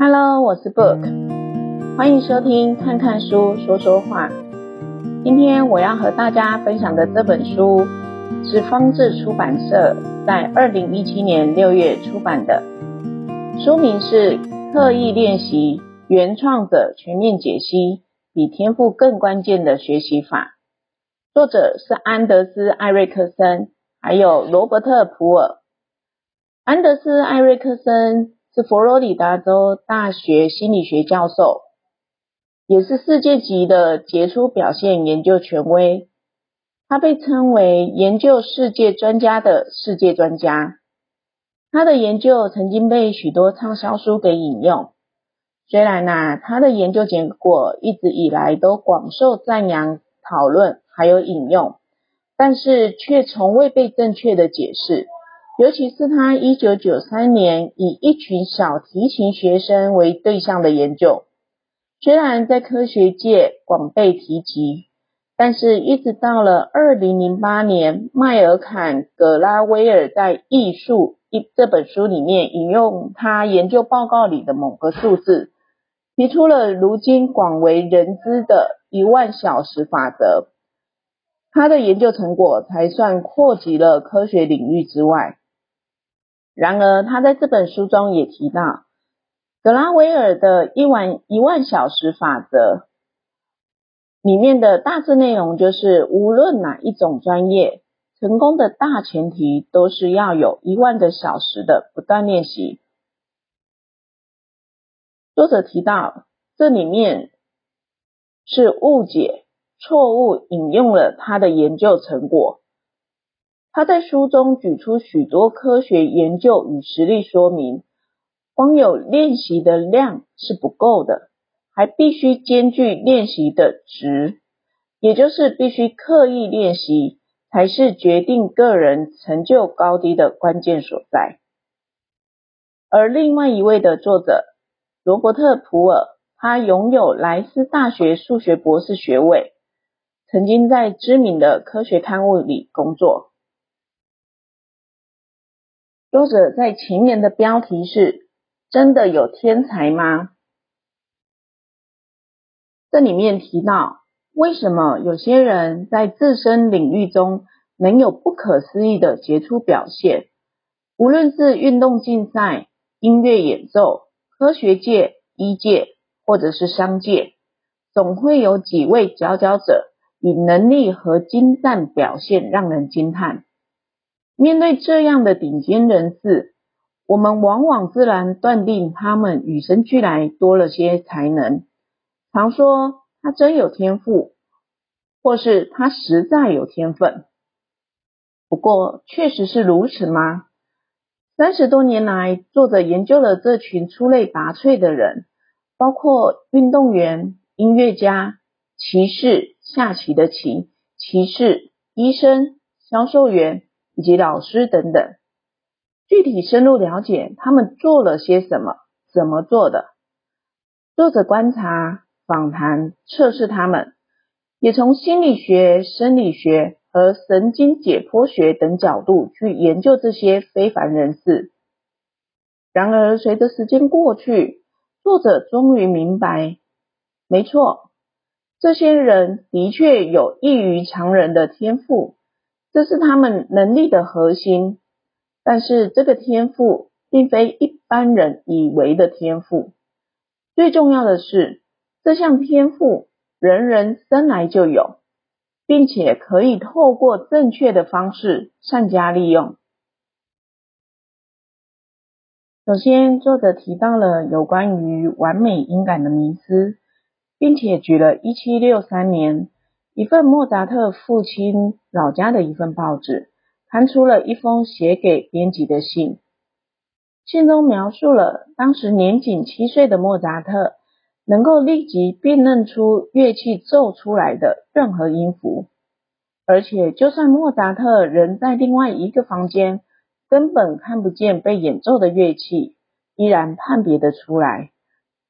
Hello，我是 Book，歡迎收聽《看看書說說話》。今天我要和大家分享的這本書是方智出版社在二零一七年六月出版的，書名是《刻意練習：原創者全面解析比天賦更關鍵的學習法》，作者是安德斯·艾瑞克森，還有羅伯特·普爾。安德斯·艾瑞克森。是佛羅里達州大學心理學教授，也是世界級的傑出表現研究權威。他被稱為研究世界專家的世界專家。他的研究曾經被許多暢銷書給引用。雖然吶、啊，他的研究結果一直以來都廣受讚揚、討論還有引用，但是卻從未被正確的解釋。尤其是他一九九三年以一群小提琴學生為對象的研究，雖然在科學界廣被提及，但是一直到了二零零八年，麥爾坎·葛拉威爾在《異數》這本書裡面引用他研究報告裡的某個數字，提出了如今廣為人知的一萬小時法則。他的研究成果才算擴及了科學領域之外。然而，他在這本書中也提到，格拉維爾的“一萬一萬小時法則”裡面的大致內容就是，無論哪一種專業，成功的大前提都是要有一萬個小時的不斷練習。作者提到，這裡面是誤解、錯誤引用了他的研究成果。他在書中舉出許多科學研究與實例，說明光有練習的量是不夠的，還必須兼具練習的質，也就是必須刻意練習，才是決定個人成就高低的關鍵所在。而另外一位的作者羅伯特普爾，他擁有萊斯大學數學博士學位，曾經在知名的科學刊物裡工作。作者在前言的標題是“真的有天才嗎？”這裡面提到，為什麼有些人在自身領域中能有不可思議的傑出表現？無論是運動競賽、音樂演奏、科學界、醫界，或者是商界，總會有幾位佼佼者，以能力和精湛表現讓人驚嘆。面對這樣的頂尖人士，我們往往自然斷定他們與生俱來多了些才能。常說他真有天賦，或是他實在有天分。不過，確實是如此嗎？三十多年來，作者研究了這群出類拔萃的人，包括運動員、音樂家、棋士（下棋的棋）、棋士、醫生、銷售員。以及老師等等，具體深入了解他們做了些什麼，怎麼做的。作者觀察、訪談、測試他們，也從心理學、生理學和神經解剖學等角度去研究這些非凡人士。然而，隨着時間過去，作者終於明白，沒錯，這些人的確有異於常人的天賦。這是他們能力的核心，但是這個天賦並非一般人以為的天賦。最重要的是，這項天賦人人生來就有，並且可以透過正確的方式善加利用。首先，作者提到了有關於完美音感的迷思，並且舉了一七六三年。一份莫扎特父親老家的一份報紙，刊出了一封寫給編輯的信。信中描述了當時年僅七歲的莫扎特能夠立即辨認出樂器奏出來的任何音符，而且就算莫扎特人在另外一個房間，根本看不見被演奏的樂器，依然判別得出來。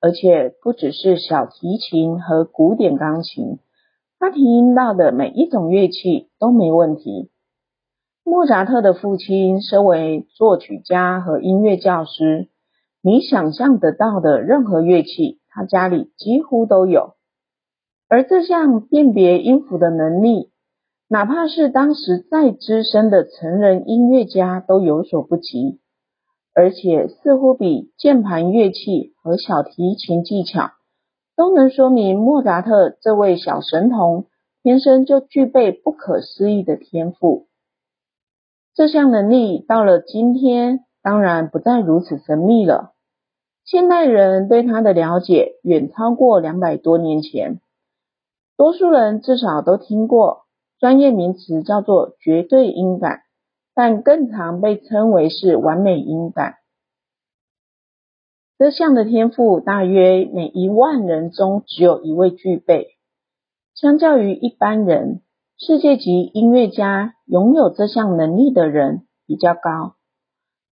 而且不只是小提琴和古典鋼琴。他聽到的每一種樂器都沒問題。莫扎特的父親身為作曲家和音樂教師，你想象得到的任何樂器，他家裡幾乎都有。而這項辨別音符的能力，哪怕是當時再資深的成人音樂家都有所不及，而且似乎比鍵盤樂器和小提琴技巧，都能說明莫扎特這位小神童天生就具備不可思議的天賦。這項能力到了今天，當然不再如此神祕了。現代人對它的了解遠超過兩百多年前，多數人至少都聽過，專業名詞叫做絕對音感，但更常被稱為是完美音感。這項的天賦大約每一萬人中只有一位具備，相較於一般人，世界級音樂家擁有這項能力的人比較高。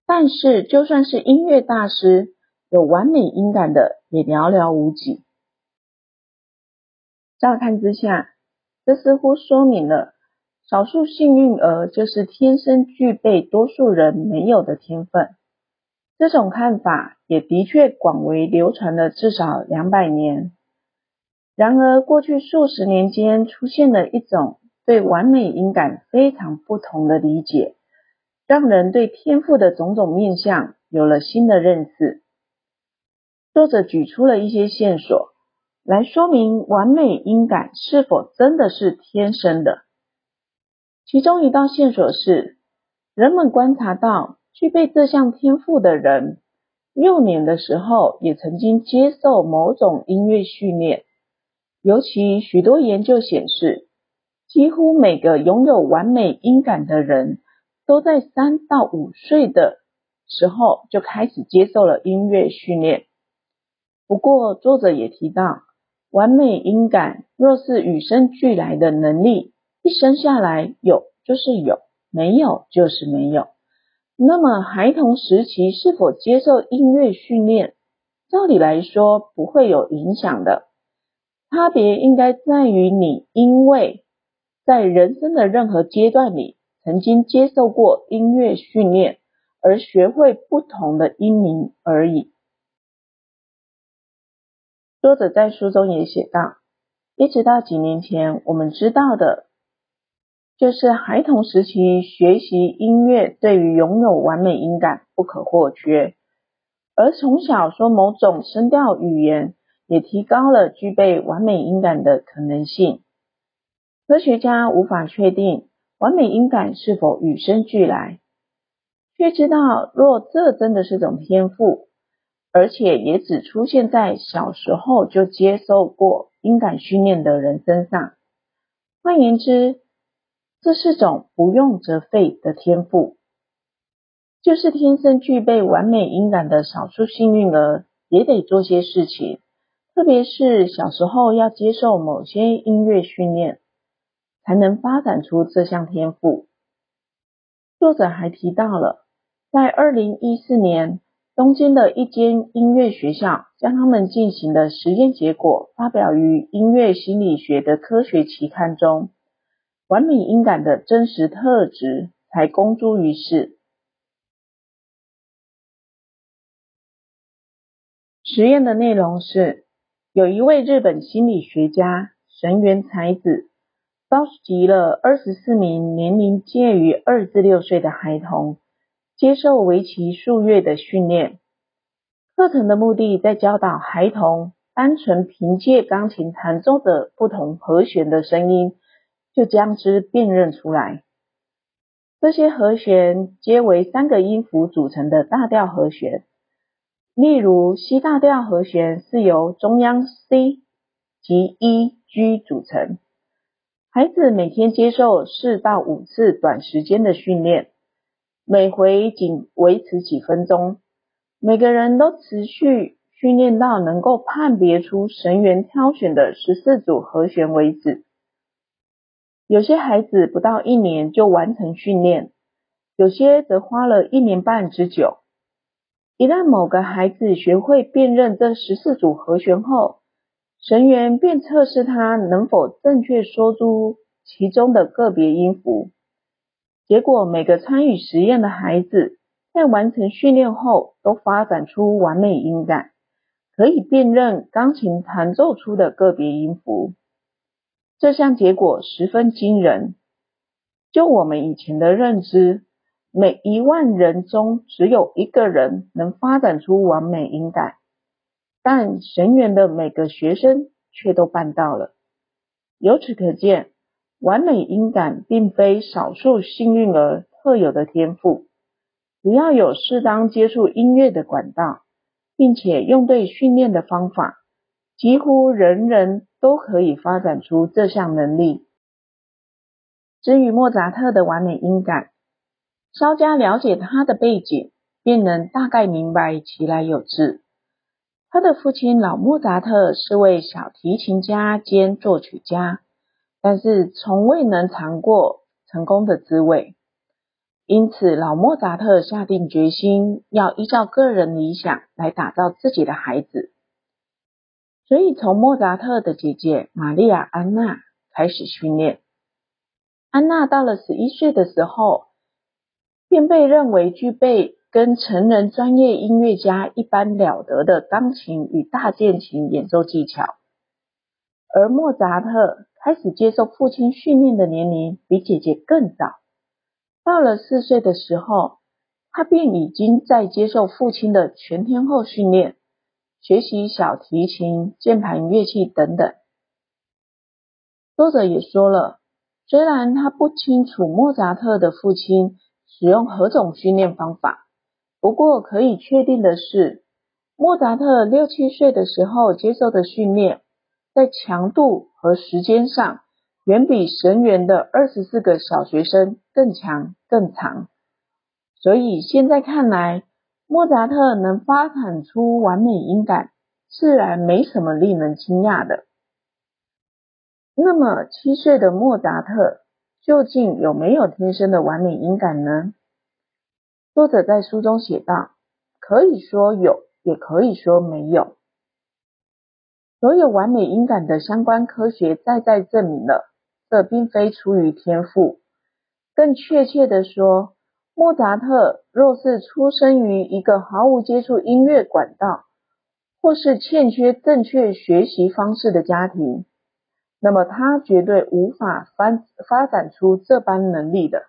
但是就算是音樂大師，有完美音感的也寥寥無幾。乍看之下，這似乎說明了少數幸運兒就是天生具備多數人沒有的天分。這種看法也的確廣為流傳了至少兩百年。然而，過去數十年間出現了一種對完美音感非常不同的理解，讓人對天賦的種種面相有了新的認識。作者舉出了一些線索來說明完美音感是否真的是天生的。其中一道線索是，人們觀察到，具備這項天賦的人，幼年的時候也曾經接受某種音樂訓練。尤其許多研究顯示，幾乎每個擁有完美音感的人，都在三到五歲的時候就開始接受了音樂訓練。不過，作者也提到，完美音感若是與生俱來的能力，一生下來有就是有，沒有就是沒有。那麼孩童時期是否接受音樂訓練，照理來說不會有影響的，差別應該在於你因為在人生的任何階段裡曾經接受過音樂訓練，而學會不同的音名而已。作者在書中也寫道，一直到幾年前我們知道的。就是孩童時期學習音樂對於擁有完美音感不可或缺，而從小說某種聲調語言也提高了具備完美音感的可能性。科學家無法確定完美音感是否與生俱來，卻知道若這真的是種天賦，而且也只出現在小時候就接受過音感訓練的人身上。換言之，這是種不用則廢的天賦，就是天生具備完美音感的少數幸運兒，也得做些事情，特別是小時候要接受某些音樂訓練，才能發展出這項天賦。作者還提到了，在二零一四年，東京的一間音樂學校將他們進行的實驗結果發表於《音樂心理學》的科學期刊中。完美音感的真實特質才公諸於世。實驗的內容是，有一位日本心理學家神原彩子，召集了二十四名年齡介於二至六歲的孩童，接受為期數月的訓練。課程的目的在教導孩童，單純憑借鋼琴彈奏的不同和弦的聲音，就將之辨認出來。這些和弦皆為三個音符組成的大調和弦，例如 C 大調和弦是由中央 C 及 E、G 組成。孩子每天接受四到五次短時間的訓練，每回僅維持幾分鐘。每個人都持續訓練到能夠判別出榊原挑選的十四組和弦為止。有些孩子不到一年就完成訓練，有些則花了一年半之久。一旦某個孩子學會辨認這十四組和弦後，成員便測試他能否正確說出其中的個別音符。結果，每個參與實驗的孩子在完成訓練後，都發展出完美音感，可以辨認鋼琴彈奏出的個別音符。這項結果十分驚人。就我們以前的認知，每一萬人中只有一個人能發展出完美音感，但神元的每個學生卻都辦到了。由此可見，完美音感並非少數幸運兒特有的天賦，只要有適當接觸音樂的管道，並且用對訓練的方法。幾乎人人都可以發展出這項能力。至於莫扎特的完美音感，稍加了解他的背景，便能大概明白其來有自。他的父親老莫扎特是位小提琴家兼作曲家，但是從未能嘗過成功的滋味。因此，老莫扎特下定決心要依照個人理想來打造自己的孩子。所以，從莫扎特的姐姐瑪麗亞·安娜開始訓練。安娜到了十一歲的時候，便被認為具備跟成人專業音樂家一般了得的鋼琴與大鍵琴演奏技巧。而莫扎特開始接受父親訓練的年齡比姐姐更早。到了四歲的時候，他便已經在接受父親的全天候訓練。學習小提琴、鍵盤樂器等等。作者也說了，雖然他不清楚莫扎特的父親使用何種訓練方法，不過可以確定的是，莫扎特六七歲的時候接受的訓練，在強度和時間上，遠比神元的二十四個小學生更強更長。所以現在看來，莫扎特能發展出完美音感，自然沒什麼令人驚訝的。那麼，七歲的莫扎特究竟有沒有天生的完美音感呢？作者在書中寫道：“可以說有，也可以說沒有。所有完美音感的相關科學再再證明了，這並非出於天賦，更確切的說。”莫扎特若是出生於一個毫無接觸音樂管道，或是欠缺正確學習方式的家庭，那麼他絕對無法發發展出這般能力的。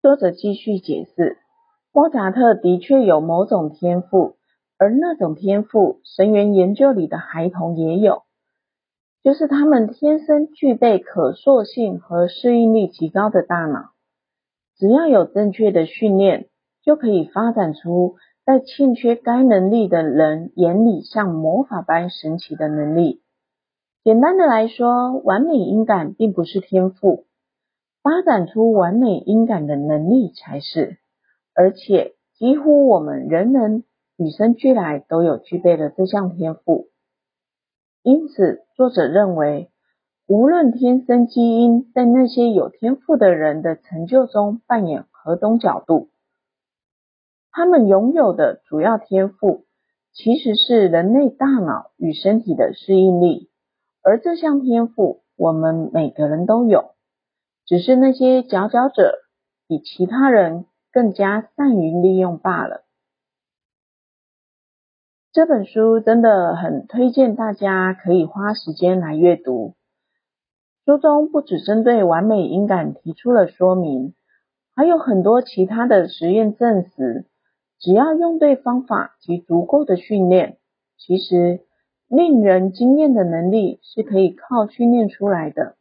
作者繼續解釋，莫扎特的確有某種天賦，而那種天賦，神元研究裡的孩童也有，就是他們天生具備可塑性和適應力極高的大腦。只要有正確的訓練，就可以發展出在欠缺該能力的人眼裡像魔法般神奇的能力。簡單的來說，完美音感並不是天賦，發展出完美音感的能力才是。而且幾乎我們人人與生俱來都有具備的這項天賦。因此，作者認為，無論天生基因在那些有天賦的人的成就中扮演何種角度，他們擁有的主要天賦其實是人類大腦與身體的適應力，而這項天賦我們每個人都有，只是那些佼佼者比其他人更加善於利用罷了。這本書真的很推薦大家可以花時間來閱讀。書中不只針對完美音感提出了說明，還有很多其他的實驗證實，只要用對方法及足夠的訓練，其實令人驚艷的能力是可以靠訓練出來的。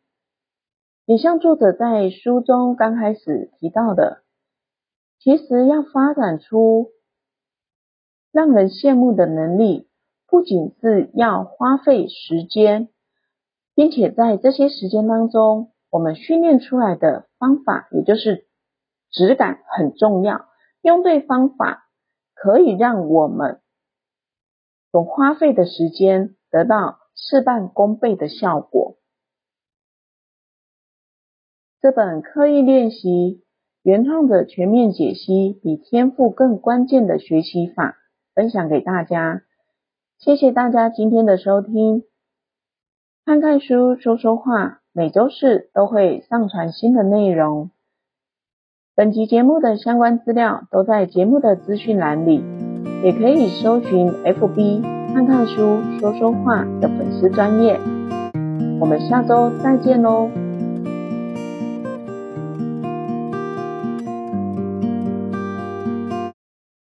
也像作者在書中剛開始提到的，其實要發展出讓人羨慕的能力，不僅是要花費時間，並且在這些時間當中，我們訓練出來的方法，也就是質感很重要。用對方法，可以讓我們所花費的時間得到事半功倍的效果。這本《刻意練習：原創者全面解析》比天賦更關鍵的學習法，分享給大家。謝謝大家今天的收聽。看看書，說說話，每周四都會上傳新的內容。本集節目的相關資料都在節目的資訊欄裡，也可以搜尋 FB“ 看看書，說說話”的粉絲專業。我們下周再見嘍！